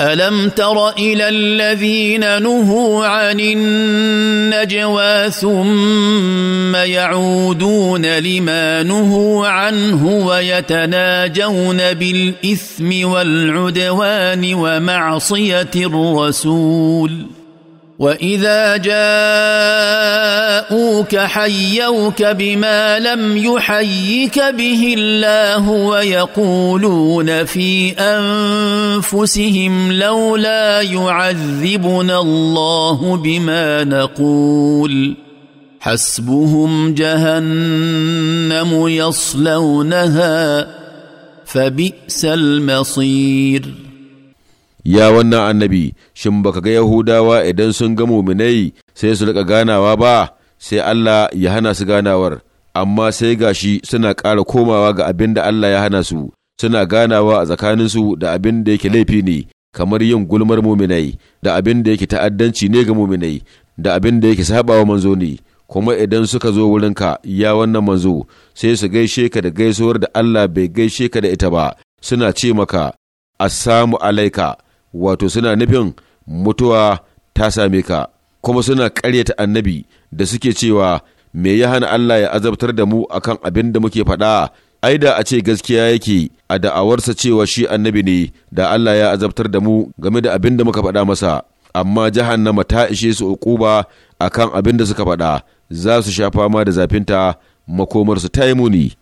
الم تر الى الذين نهوا عن النجوى ثم يعودون لما نهوا عنه ويتناجون بالاثم والعدوان ومعصيه الرسول واذا جاءوك حيوك بما لم يحيك به الله ويقولون في انفسهم لولا يعذبنا الله بما نقول حسبهم جهنم يصلونها فبئس المصير ya wannan annabi shin baka ga yahudawa idan sun ga muminai sai su rika ganawa ba sai Allah ya hana su ganawar amma sai gashi suna ƙara komawa ga abin da Allah ya hana su suna ganawa a tsakaninsu da abin da yake laifi ne kamar yin gulmar muminai da abin da yake ta'addanci ne ga muminai da abin da yake sabawa manzo ne kuma idan suka zo wurinka ya wannan manzo sai su gaishe ka da gaisuwar da Allah bai gaishe ka da ita ba suna ce maka samu alaika wato suna nufin mutuwa ta same ka kuma suna ƙaryata annabi da suke cewa me ya hana Allah ya azabtar da mu akan abin da muke faɗa ai da a ce gaskiya yake a da'awarsa cewa shi annabi ne da Allah ya azabtar da mu game da abin da muka faɗa masa amma jahannama ta ishe su uquba akan abin da suka faɗa za su sha fama da zafinta makomarsu ta yi muni